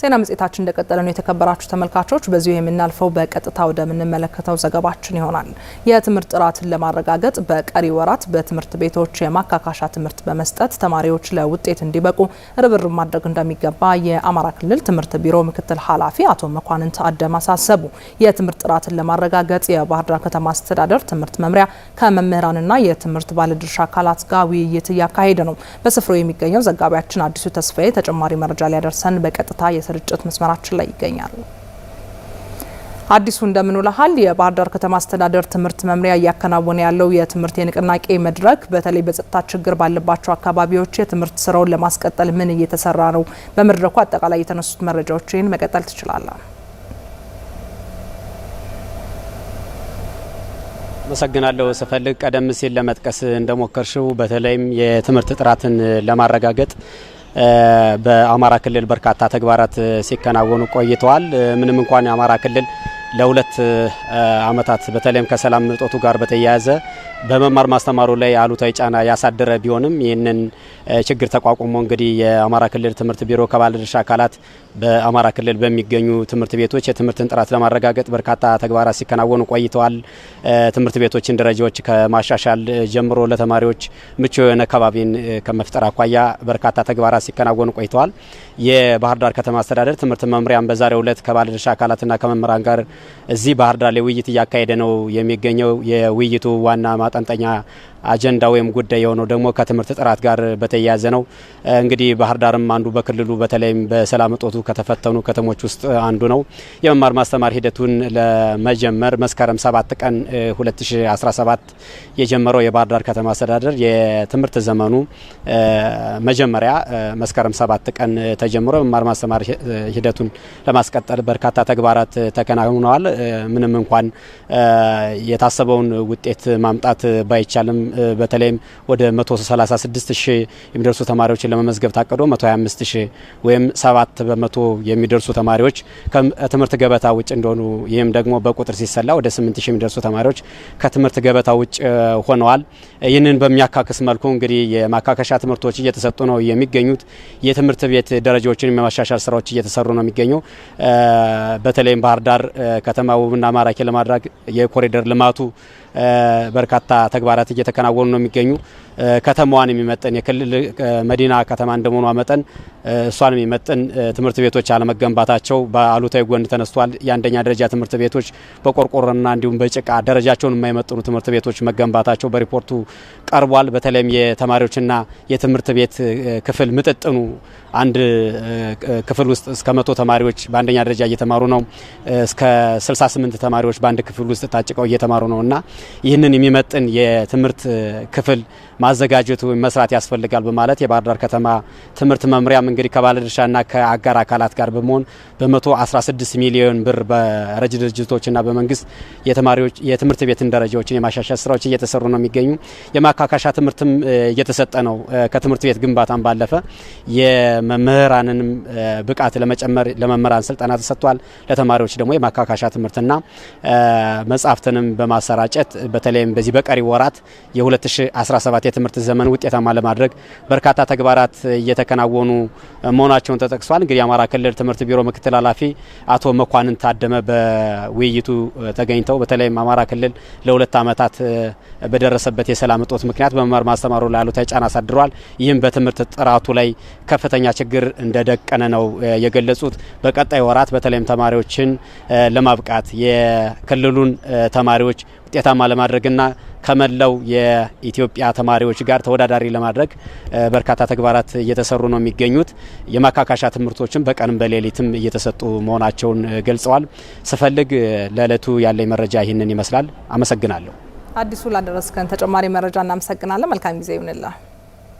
ዜና መጽሔታችን እንደቀጠለ ነው። የተከበራችሁ ተመልካቾች፣ በዚሁ የምናልፈው በቀጥታ ወደምንመለከተው ዘገባችን ይሆናል። የትምህርት ጥራትን ለማረጋገጥ በቀሪ ወራት በትምህርት ቤቶች የማካካሻ ትምህርት በመስጠት ተማሪዎች ለውጤት እንዲበቁ ርብርብ ማድረግ እንደሚገባ የአማራ ክልል ትምህርት ቢሮ ምክትል ኃላፊ አቶ መኳንንት አደም አሳሰቡ። የትምህርት ጥራትን ለማረጋገጥ የባህር ዳር ከተማ አስተዳደር ትምህርት መምሪያ ከመምህራንና የትምህርት ባለድርሻ አካላት ጋር ውይይት እያካሄደ ነው። በስፍራው የሚገኘው ዘጋቢያችን አዲሱ ተስፋዬ ተጨማሪ መረጃ ሊያደርሰን በቀጥታ ስርጭት መስመራችን ላይ ይገኛሉ። አዲሱ እንደምንውልሃል የባህር ዳር ከተማ አስተዳደር ትምህርት መምሪያ እያከናወነ ያለው የትምህርት የንቅናቄ መድረክ በተለይ በጸጥታ ችግር ባለባቸው አካባቢዎች የትምህርት ስራውን ለማስቀጠል ምን እየተሰራ ነው? በመድረኩ አጠቃላይ የተነሱት መረጃዎችን መቀጠል ትችላለን። አመሰግናለሁ ስፈልግ ቀደም ሲል ለመጥቀስ እንደሞከርሽው በተለይም የትምህርት ጥራትን ለማረጋገጥ በአማራ ክልል በርካታ ተግባራት ሲከናወኑ ቆይተዋል። ምንም እንኳን የአማራ ክልል ለሁለት ዓመታት በተለይም ከሰላም እጦቱ ጋር በተያያዘ በመማር ማስተማሩ ላይ አሉታዊ ጫና ያሳደረ ቢሆንም ይህንን ችግር ተቋቁሞ እንግዲህ የአማራ ክልል ትምህርት ቢሮ ከባለድርሻ አካላት በአማራ ክልል በሚገኙ ትምህርት ቤቶች የትምህርትን ጥራት ለማረጋገጥ በርካታ ተግባራት ሲከናወኑ ቆይተዋል። ትምህርት ቤቶችን ደረጃዎች ከማሻሻል ጀምሮ ለተማሪዎች ምቹ የሆነ ከባቢን ከመፍጠር አኳያ በርካታ ተግባራት ሲከናወኑ ቆይተዋል። የባህር ዳር ከተማ አስተዳደር ትምህርት መምሪያም በዛሬው ዕለት ከባለድርሻ አካላትና ከመምህራን ጋር እዚህ ባህር ዳር ላይ ውይይት እያካሄደ ነው የሚገኘው የውይይቱ ዋና ማጠንጠኛ አጀንዳ ወይም ጉዳይ የሆነው ደግሞ ከትምህርት ጥራት ጋር በተያያዘ ነው። እንግዲህ ባህር ዳርም አንዱ በክልሉ በተለይም በሰላም እጦቱ ከተፈተኑ ከተሞች ውስጥ አንዱ ነው። የመማር ማስተማር ሂደቱን ለመጀመር መስከረም 7 ቀን 2017 የጀመረው የባህር ዳር ከተማ አስተዳደር የትምህርት ዘመኑ መጀመሪያ መስከረም 7 ቀን ተጀምሮ የመማር ማስተማር ሂደቱን ለማስቀጠል በርካታ ተግባራት ተከናውነዋል። ምንም እንኳን የታሰበውን ውጤት ማምጣት ባይቻልም በተለይም ወደ 136 ሺህ የሚደርሱ ተማሪዎችን ለመመዝገብ ታቅዶ 125 ሺህ ወይም 7 በመቶ የሚደርሱ ተማሪዎች ከትምህርት ገበታ ውጭ እንደሆኑ ይህም ደግሞ በቁጥር ሲሰላ ወደ 8 ሺ የሚደርሱ ተማሪዎች ከትምህርት ገበታ ውጭ ሆነዋል። ይህንን በሚያካክስ መልኩ እንግዲህ የማካከሻ ትምህርቶች እየተሰጡ ነው የሚገኙት። የትምህርት ቤት ደረጃዎችን የማሻሻል ስራዎች እየተሰሩ ነው የሚገኘው። በተለይም ባህር ዳር ከተማ ውብና ማራኪ ለማድረግ የኮሪደር ልማቱ በርካታ ተግባራት እየተከናወኑ ነው የሚገኙ ከተማዋን የሚመጥን የክልል መዲና ከተማ እንደመሆኗ መጠን እሷን የሚመጥን ትምህርት ቤቶች አለመገንባታቸው በአሉታዊ ጎን ተነስቷል። የአንደኛ ደረጃ ትምህርት ቤቶች በቆርቆሮና እንዲሁም በጭቃ ደረጃቸውን የማይመጥኑ ትምህርት ቤቶች መገንባታቸው በሪፖርቱ ቀርቧል። በተለይም የተማሪዎችና የትምህርት ቤት ክፍል ምጥጥኑ አንድ ክፍል ውስጥ እስከ መቶ ተማሪዎች በአንደኛ ደረጃ እየተማሩ ነው። እስከ 68 ተማሪዎች በአንድ ክፍል ውስጥ ታጭቀው እየተማሩ ነው እና ይህንን የሚመጥን የትምህርት ክፍል ማዘጋጀቱ መስራት ያስፈልጋል በማለት የባህር ዳር ከተማ ትምህርት መምሪያም እንግዲህ ከባለድርሻና ከአጋር አካላት ጋር በመሆን በ116 ሚሊዮን ብር በረጅ ድርጅቶችና በመንግስት የተማሪዎች የትምህርት ቤትን ደረጃዎችን የማሻሻል ስራዎች እየተሰሩ ነው የሚገኙ። የማካካሻ ትምህርትም እየተሰጠ ነው። ከትምህርት ቤት ግንባታም ባለፈ የመምህራንንም ብቃት ለመጨመር ለመምህራን ስልጠና ተሰጥቷል። ለተማሪዎች ደግሞ የማካካሻ ትምህርትና መጽሐፍትንም በማሰራጨት ለማሳካት በተለይም በዚህ በቀሪ ወራት የ2017 የትምህርት ዘመን ውጤታማ ለማድረግ በርካታ ተግባራት እየተከናወኑ መሆናቸውን ተጠቅሷል። እንግዲህ የአማራ ክልል ትምህርት ቢሮ ምክትል ኃላፊ አቶ መኳንን ታደመ በውይይቱ ተገኝተው በተለይም አማራ ክልል ለሁለት ዓመታት በደረሰበት የሰላም እጦት ምክንያት በመማር ማስተማሩ ላይ አሉታዊ ጫና አሳድሯል። ይህም በትምህርት ጥራቱ ላይ ከፍተኛ ችግር እንደደቀነ ነው የገለጹት። በቀጣይ ወራት በተለይም ተማሪዎችን ለማብቃት የክልሉን ተማሪዎች ውጤታማ ለማድረግና ከመላው የኢትዮጵያ ተማሪዎች ጋር ተወዳዳሪ ለማድረግ በርካታ ተግባራት እየተሰሩ ነው የሚገኙት። የማካካሻ ትምህርቶችም በቀንም በሌሊትም እየተሰጡ መሆናቸውን ገልጸዋል። ስፈልግ ለዕለቱ ያለኝ መረጃ ይህንን ይመስላል። አመሰግናለሁ። አዲሱ ላደረስከን ተጨማሪ መረጃ እናመሰግናለን። መልካም ጊዜ ይሁንላ